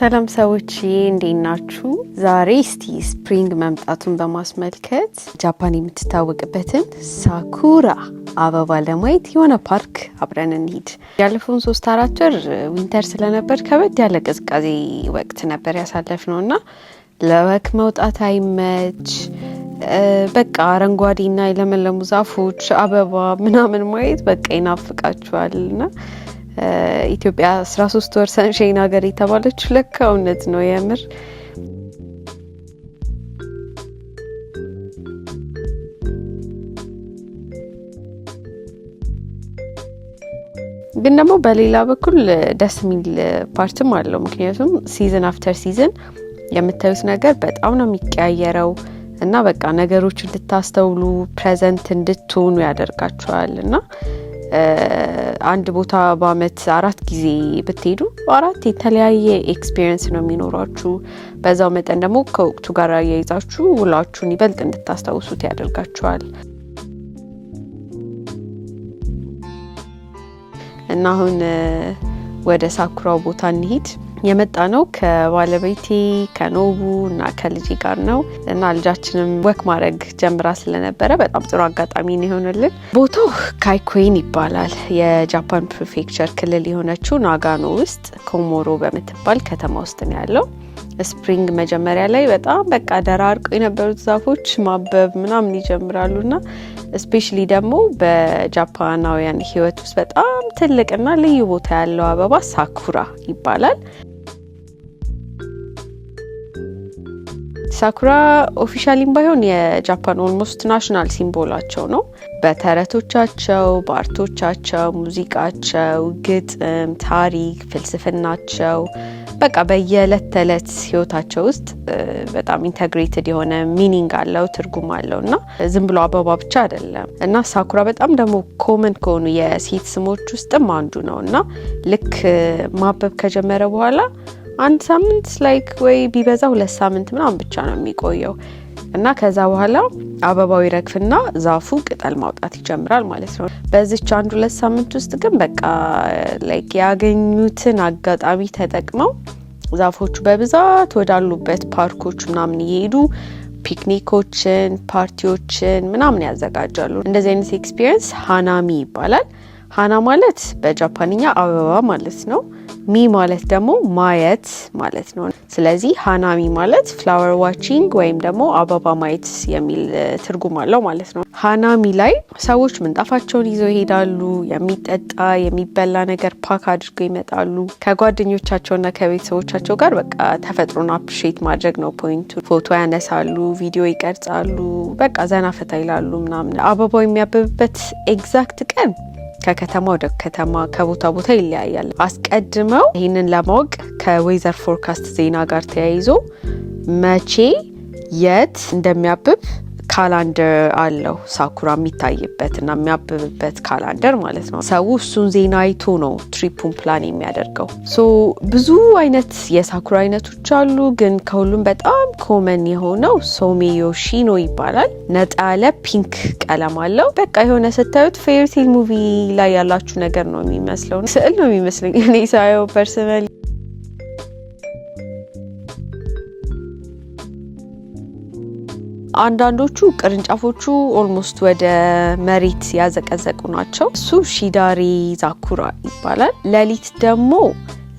ሰላም ሰዎች እንዴት ናችሁ? ዛሬ እስቲ ስፕሪንግ መምጣቱን በማስመልከት ጃፓን የምትታወቅበትን ሳኩራ አበባ ለማየት የሆነ ፓርክ አብረን እንሂድ። ያለፈውን ሶስት አራት ወር ዊንተር ስለነበር ከበድ ያለ ቅዝቃዜ ወቅት ነበር ያሳለፍ ነው እና ለወክ መውጣት አይመች በቃ አረንጓዴና የለመለሙ ዛፎች አበባ ምናምን ማየት በቃ ይናፍቃችኋል ና። ኢትዮጵያ 13 ወር ሰንሸይን ሀገር የተባለች ለካ እውነት ነው የምር። ግን ደግሞ በሌላ በኩል ደስ የሚል ፓርትም አለው። ምክንያቱም ሲዝን አፍተር ሲዝን የምታዩት ነገር በጣም ነው የሚቀያየረው እና በቃ ነገሮች እንድታስተውሉ ፕሬዘንት እንድትሆኑ ያደርጋችኋል እና አንድ ቦታ በአመት አራት ጊዜ ብትሄዱ አራት የተለያየ ኤክስፒሪየንስ ነው የሚኖሯችሁ። በዛው መጠን ደግሞ ከወቅቱ ጋር አያይዛችሁ ውላችሁን ይበልጥ እንድታስታውሱት ያደርጋችኋል። እና አሁን ወደ ሳኩራው ቦታ እንሂድ። የመጣ ነው ከባለቤቴ ከኖቡ እና ከልጅ ጋር ነው እና ልጃችንም ወክ ማድረግ ጀምራ ስለነበረ በጣም ጥሩ አጋጣሚ ነው የሆነልን። ቦታው ካይኮይን ይባላል። የጃፓን ፕሪፌክቸር ክልል የሆነችው ናጋኖ ውስጥ ኮሞሮ በምትባል ከተማ ውስጥ ነው ያለው። ስፕሪንግ መጀመሪያ ላይ በጣም በቃ ደራርቆ የነበሩት ዛፎች ማበብ ምናምን ይጀምራሉ ና ስፔሻሊ ደግሞ በጃፓናውያን ህይወት ውስጥ በጣም ትልቅና ልዩ ቦታ ያለው አበባ ሳኩራ ይባላል። ሳኩራ ኦፊሻሊም ባይሆን የጃፓን ኦልሞስት ናሽናል ሲምቦላቸው ነው። በተረቶቻቸው፣ በአርቶቻቸው፣ ሙዚቃቸው፣ ግጥም፣ ታሪክ፣ ፍልስፍናቸው በቃ በየዕለት ተዕለት ህይወታቸው ውስጥ በጣም ኢንተግሬትድ የሆነ ሚኒንግ አለው ትርጉም አለው እና ዝም ብሎ አበባ ብቻ አይደለም እና ሳኩራ በጣም ደግሞ ኮመን ከሆኑ የሴት ስሞች ውስጥም አንዱ ነው እና ልክ ማበብ ከጀመረ በኋላ አንድ ሳምንት ላይክ ወይ ቢበዛ ሁለት ሳምንት ምናምን ብቻ ነው የሚቆየው እና ከዛ በኋላ አበባው ይረግፍና ዛፉ ቅጠል ማውጣት ይጀምራል ማለት ነው። በዚች አንድ ሁለት ሳምንት ውስጥ ግን በቃ ላይክ ያገኙትን አጋጣሚ ተጠቅመው ዛፎቹ በብዛት ወዳሉበት ፓርኮች ምናምን እየሄዱ ፒክኒኮችን፣ ፓርቲዎችን ምናምን ያዘጋጃሉ። እንደዚህ አይነት ኤክስፒሪየንስ ሃናሚ ይባላል። ሃና ማለት በጃፓንኛ አበባ ማለት ነው። ሚ ማለት ደግሞ ማየት ማለት ነው። ስለዚህ ሃናሚ ማለት ፍላወር ዋቺንግ ወይም ደግሞ አበባ ማየት የሚል ትርጉም አለው ማለት ነው። ሃናሚ ላይ ሰዎች ምንጣፋቸውን ይዘው ይሄዳሉ። የሚጠጣ የሚበላ ነገር ፓክ አድርገው ይመጣሉ። ከጓደኞቻቸውና ከቤተሰቦቻቸው ጋር በቃ ተፈጥሮን አፕሪሼት ማድረግ ነው ፖይንቱ። ፎቶ ያነሳሉ፣ ቪዲዮ ይቀርጻሉ፣ በቃ ዘና ፈታ ይላሉ ምናምን። አበባው የሚያብብበት ኤግዛክት ቀን ከከተማ ወደ ከተማ ከቦታ ቦታ ይለያያል። አስቀድመው ይህንን ለማወቅ ከዌዘር ፎርካስት ዜና ጋር ተያይዞ መቼ የት እንደሚያብብ ካላንደር አለው ሳኩራ የሚታይበት እና የሚያብብበት ካላንደር ማለት ነው። ሰው እሱን ዜና አይቶ ነው ትሪፑን ፕላን የሚያደርገው። ሶ ብዙ አይነት የሳኩራ አይነቶች አሉ፣ ግን ከሁሉም በጣም ኮመን የሆነው ሶሜዮሺኖ ይባላል። ነጣ ያለ ፒንክ ቀለም አለው። በቃ የሆነ ስታዩት ፌርቴል ሙቪ ላይ ያላችሁ ነገር ነው የሚመስለው። ስዕል ነው የሚመስለኝ እኔ ሳየው አንዳንዶቹ ቅርንጫፎቹ ኦልሞስት ወደ መሬት ያዘቀዘቁ ናቸው። እሱ ሺዳሪ ዛኩራ ይባላል። ሌሊት ደግሞ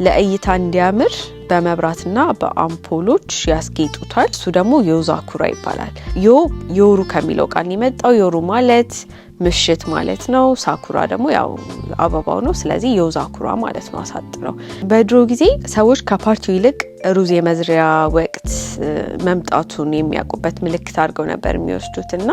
ለእይታ እንዲያምር በመብራትና በአምፖሎች ያስጌጡታል። እሱ ደግሞ የዛኩራ ይባላል። ዮ የወሩ ከሚለው ቃል የመጣው የወሩ ማለት ምሽት ማለት ነው። ሳኩራ ደግሞ ያው አበባው ነው። ስለዚህ የዛኩራ ማለት ነው አሳጥረው። በድሮ ጊዜ ሰዎች ከፓርቲው ይልቅ ሩዝ የመዝሪያ ወቅት መምጣቱን የሚያውቁበት ምልክት አድርገው ነበር የሚወስዱት እና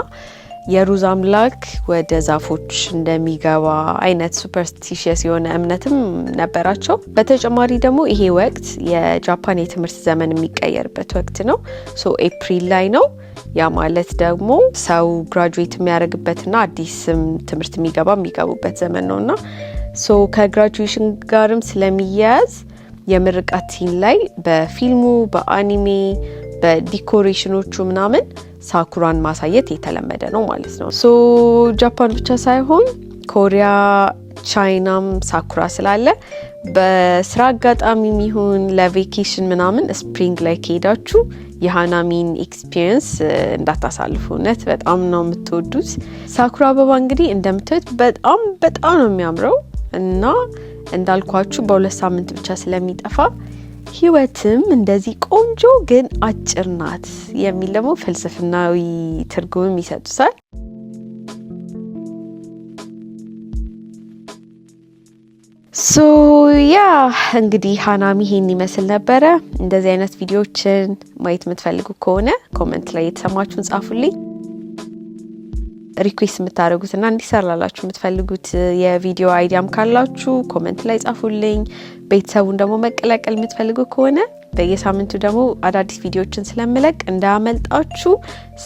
የሩዝ አምላክ ወደ ዛፎች እንደሚገባ አይነት ሱፐርስቲሽየስ የሆነ እምነትም ነበራቸው። በተጨማሪ ደግሞ ይሄ ወቅት የጃፓን የትምህርት ዘመን የሚቀየርበት ወቅት ነው። ሶ ኤፕሪል ላይ ነው። ያ ማለት ደግሞ ሰው ግራጁዌት የሚያደርግበትና አዲስም ትምህርት የሚገባ የሚገቡበት ዘመን ነው እና ሶ ከግራጁዌሽን ጋርም ስለሚያያዝ የምርቃት ሲን ላይ በፊልሙ በአኒሜ በዲኮሬሽኖቹ ምናምን ሳኩራን ማሳየት የተለመደ ነው ማለት ነው። ሶ ጃፓን ብቻ ሳይሆን ኮሪያ፣ ቻይናም ሳኩራ ስላለ በስራ አጋጣሚ ይሁን ለቬኬሽን ምናምን ስፕሪንግ ላይ ከሄዳችሁ የሃናሚን ኤክስፒሪንስ እንዳታሳልፉ። እውነት በጣም ነው የምትወዱት። ሳኩራ አበባ እንግዲህ እንደምታዩት በጣም በጣም ነው የሚያምረው እና እንዳልኳችሁ በሁለት ሳምንት ብቻ ስለሚጠፋ ህይወትም እንደዚህ ቆንጆ ግን አጭር ናት የሚል ደግሞ ፍልስፍናዊ ትርጉምም ይሰጡታል። ሶ ያ እንግዲህ ሀናም ይሄን ይመስል ነበረ። እንደዚህ አይነት ቪዲዮዎችን ማየት የምትፈልጉ ከሆነ ኮመንት ላይ የተሰማችሁን ጻፉልኝ። ሪኩዌስት እና እንዲሰራላችሁ የምትፈልጉት የቪዲዮ አይዲያም ካላችሁ ኮመንት ላይ ጻፉልኝ። ቤተሰቡን ደግሞ መቀላቀል የምትፈልጉ ከሆነ በየሳምንቱ ደግሞ አዳዲስ ቪዲዮዎችን ስለምለቅ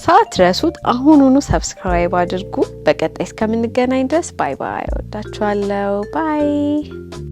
ሳት ረሱት አሁኑኑ ሰብስክራይብ አድርጉ። በቀጣይ እስከምንገናኝ ድረስ ባይ ባይ። ወዳችኋለሁ። ባይ ወዳችኋለው ባይ